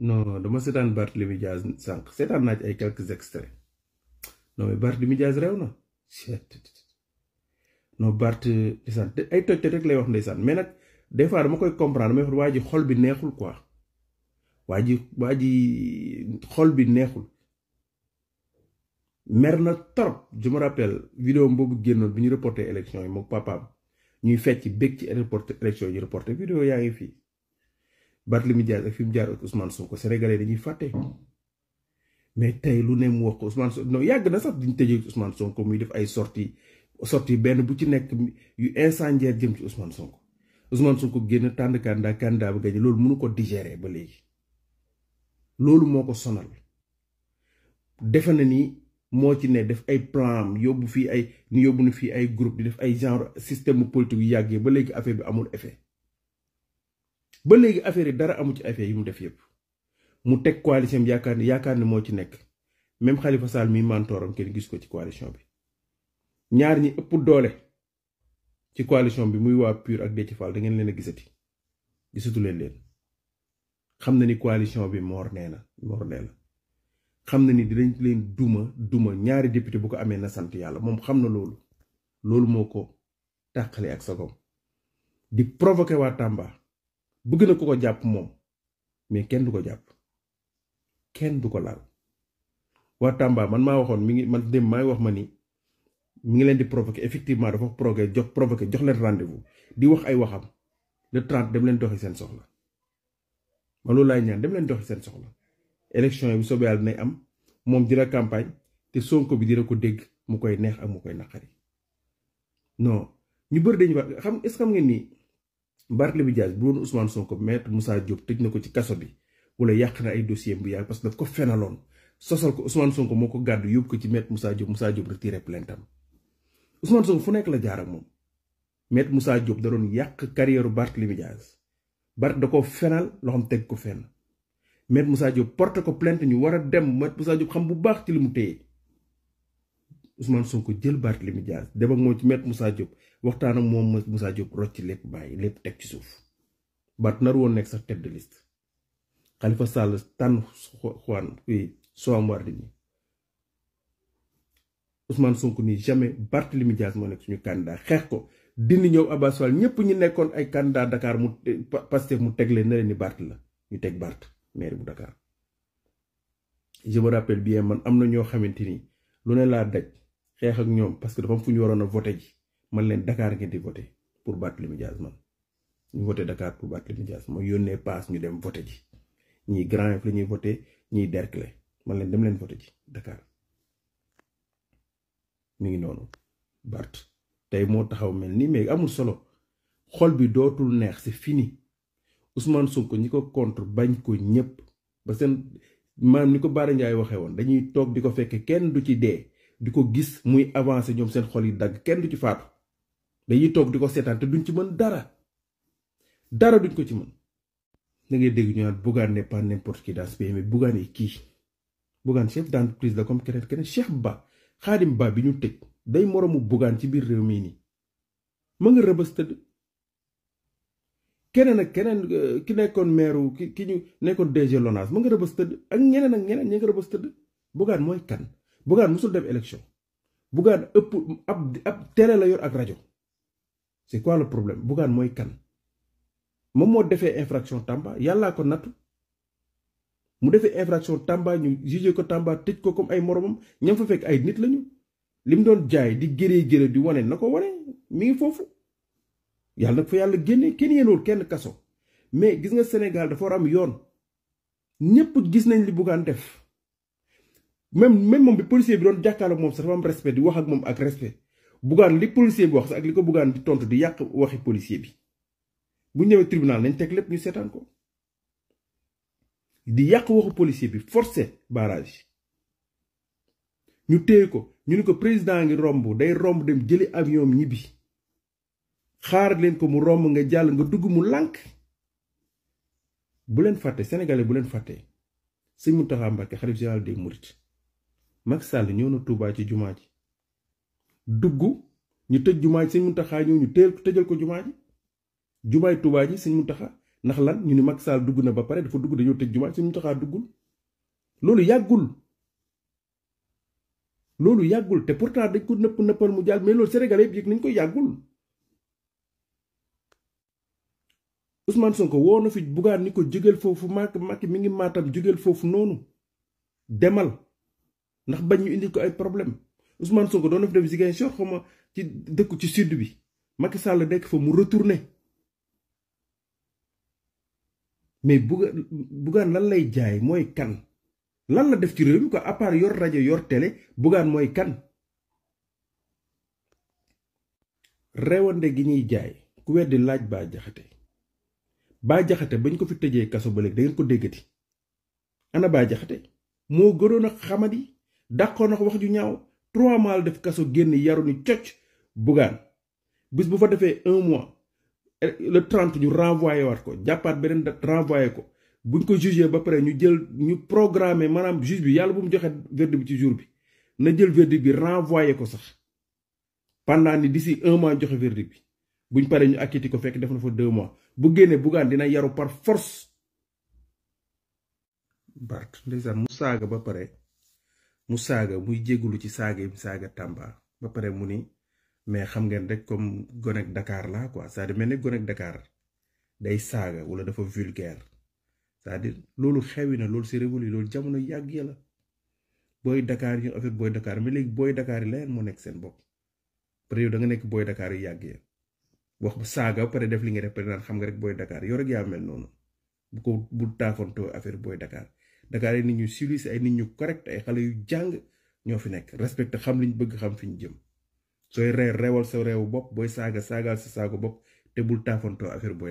non dama seetaan Barthélemy Diaz sànq seetaan naa ci ay quelques extraits non mais Barthélemy Diaz réew na non Barth ndeysaan ay toj toj rek lay wax ndeysaan mais nag des fois dama koy comprendre mais waa ji xol bi neexul quoi waa ji waa ji xol bi neexul mer na torop je me rappelle vidéo boobu génnoon bi ñu reporté élection yi moom papaam ñuy fecc bëgg ci reporté élection yi ñu reporté vidéo yaa ngi fii Barthélemy Dias ak fi mu jaar ak Ousmane Sonko sénégalais dañuy fàtte mais tey lu ne mu wax ko Ousmane Sonko non yàgg na sax diñ tëjee Ousmane Sonko muy def ay sorties sorties benn bu ci nekk yu incendiaire jëm ci Ousmane Sonko Ousmane Sonko génn tànd candidat candidat ba gañe loolu mënu ko digérer ba léegi loolu moo ko sonal defe na ni moo ci ne def ay plan yóbbu fii ay ñu yóbbu na fii ay groupe di def ay genre système politique yu yàggee ba léegi affaire bi amul effet. ba léegi affaire yi dara amu ci affaire yi mu def yëpp mu teg coalition bi yaakaar ne yaakaar ne moo ci nekk même xalifa Sall mi mantooram kenn gis ko ci coalition bi ñaar ñi ëpp doole ci coalition bi muy waa PUR ak Déthié Fall da ngeen leen gisati gisatu leen leen xam na ni coalition bi moor nee na moor nee na xam na ni dinañ leen duma duma ñaari député bu ko amee na sant yàlla moom xam na loolu loolu moo ko tàqale ak sagom di provoqué waa Tamba bëgg na ko ko jàpp moom mais kenn du ko jàpp kenn du ko laal waa Tamba man maa waxoon mi ngi man dem maa wax ma ni mi ngi leen di provoquer effectivement dafa provoquer jox provoquer jox leen rendez-vous di wax ay waxam le 30 dem leen doxi seen soxla ma loolu laay ñaan dem leen doxi seen soxla élection yi bu soobee yàlla dinañ am moom dina campagne te Sonko bi dina ko dégg mu koy neex ak mu koy naqari non ñu bëri dañu wax xam est-ce que xam ngeen ni. Barthélémy Dias bu doon Ousmane Sonko maître Moussa Diop tëj na ko ci kaso bi wala yàq na ay dossier bu yàgg parce que daf ko fenaloon sosal ko Ousmane Sonko moo ko gàddu yóbbu ko ci maître Moussa Diop Moussa Diop retiré plainte am Ousmane Sonko fu nekk la jaar moom maître Moussa jóob da doon yàq carrière Barthélémy Dias Bart da ko fenal loo xam teg ko fenn maître Moussa Diop porte ko plainte ñu war a dem maître Moussa Diop xam bu baax ci li mu téye Ousmane Sonko jël Barthélémy Dias dem ak moom ci maître Moussa Diop waxtaan ak moom Moussa Diop rocc lépp bàyyi lépp teg ci suuf Bart nar woon nekk sax tête de liste Khalifa Sall tànn Juan Soham Wardini Ousmane Sonko nii jamais Barthélémy Dias nekk suñu candidat xeex ko dindi ñëw Abass Fall ñëpp ñi nekkoon ay candidat Dakar mu Pastef mu teg leen na Bart la ñu teg Bart maire bu Dakar je me rappelle bien man am na ñoo xamante ni lu ne laa daj. xeex ak ñoom parce que dafa am fu ñu waroon a voté ji man leen dakaar ngeen di voté pour Barthélémy Dias man ñu voté Dakar pour Barthélémy jaas ma yónnee paas ñu dem voté ji ñii Grand Yoff la ñuy voté ñii Derklé man leen dem leen voté ji Dakar mu ngi noonu Bart tey moo taxaw mel ni mais amul solo xol bi dootul neex si fini Ousmane Sonko ñi ko contre bañ ko ñëpp ba seen maanaam ni ko Bara Ndiaye waxee woon dañuy toog di ko fekke kenn du ci dee. di ko gis muy avancer ñoom seen xol yi dagg kenn du ci faatu dañuy toog di ko seetaan te duñ ci mën dara dara duñ ko ci mën da ngay dégg ñu naan Bougane n'est pas n'importe qui dans ce pays mais Bougane est qui Bougane chef d'entreprise la comme keneen keneen Cheikh Ba Khadim Ba bi ñu tëj day moroomu Bougane ci biir réew mii nii ma nga rëbës tëdd keneen ak keneen euh, ki nekkoon meeru ki ki ñu nekkoon DG Lonase ma nga rëbës tëdd ak ñeneen ak ñeneen ña nga rëbës tëdd Bougane mooy kan. Bougane musul dem élection Bougane ëpp ab ab télé la yor ak rajo c'est quoi le problème Bougane mooy kan moom moo defee infraction Tamba yàllaa ko nattu mu defee infraction Tamba ñu jugé ko Tamba tëj ko comme ay moromam ñam fa fekk ay nit lañu li mu doon jaay di gëree gëree di wane na ko wane mi ngi foofu yàlla nag fa yàlla génne kenn yéenool kenn kaso mais gis nga Sénégal dafa war am yoon ñëpp gis nañ li Bougane def. même même moom bi policier bi doon jàkkaarloog moom sax dafa am respect di wax ak moom ak respect bugaan li policier bi wax sax ak li ko bugaan di tontu di yàq waxi policier bi bu ñëwee tribunal nañ teg lépp ñu seetaan ko di yàq waxu policier bi forcé barrage ñu téye ko ñu ni ko président ngi romb day romb dem jëli avion am ñibbi xaar leen ko mu romb nga jàll nga dugg mu lànk bu leen fàtte sénégalais bu leen fàtte sëñ Mountakha Mbacké xalifa général des mourides Macky Sall ñëw na Touba ci jumaa ji dugg ñu tëj jumaa ji sëñ Muntaxa ñëw ñu teel tëjal ko jumaa ji jumaay Touba ji sëñ Muntaxa ndax lan ñu ni mag Sall dugg na ba pare dafa dugg dañoo tëj jumaa ji sëñ Muntaxa duggul loolu yàggul loolu yàggul te pourtant dañ ko nëpp nëppal mu jàll mais loolu Sénégalais yëpp yëg nañ ko yàggul Ousmane Sonko woo na fi bugaan ni ko jógeel foofu Macky Macky mi ngi maatam jógeel foofu noonu demal ndax bañ ñu indi ko ay problème Ousmane Sonko doon na si def Ziguinchor xaw ma ci dëkku ci sud bi Macky Sall nekk fa mu retourné mais Bougane Bougane lan lay jaay mooy kan lan la def ci réew mi ko à yor rajo yor tele Bougane mooy kan rewande gi ñuy jaay ku weddi laaj baa jaxate baa jaxate bañ ko fi tëjee kaso ba léegi da ko déggati ana baa jaxate moo gënoon a xamadi d'accord na ko wax ju ñaaw trois mois la def kaso génn yaru ni cocc bugaan bis bu fa defee un mois le trente ñu renvoyé waat ko jàppaat beneen date renvoyé ko buñ ko jugé ba pare ñu jël ñu programmé maanaam juge bi yàlla bu mu joxe verdict bi ci jour bi na jël verdict bi renvoyé ko sax pendant ni d'ici un mois joxe verdict bi buñ paree ñu acquitté ko fekk def na fa deux mois bu génnee bugaan dina yaru par force. Bart ndeysaan mu saaga ba pare. mu saaga muy jéggulu ci saaga yi saaga Tamba ba pare mu ni mais xam ngeen rek comme gonek Dakar la quoi c'est-à-dire mel ni gonek Dakar day saaga wala dafa vulgaire cest à loolu xewi na loolu c'est révolu loolu jamono yàgg ya la booy Dakar ñu affaire booy Dakar léegi booy Dakar yi leneen nekk seen bopp pare yow da nga nekk booy Dakar yu yàgg ya wax saaga ba pare def li nga def pare naan xam nga rek booy dakaar yow rek yaa mel noonu bu ko bu taafontoo affaire booy Dakar. Dakar ay nit ñu civilisé ay nit ñu correct ay xale yu jàng ñoo fi nekk respecté xam liñ bëgg xam fi ñu jëm sooy reer reewal sa reewu bopp booy saaga saagaal sa saagu bopp te bul taafontoo affaire booy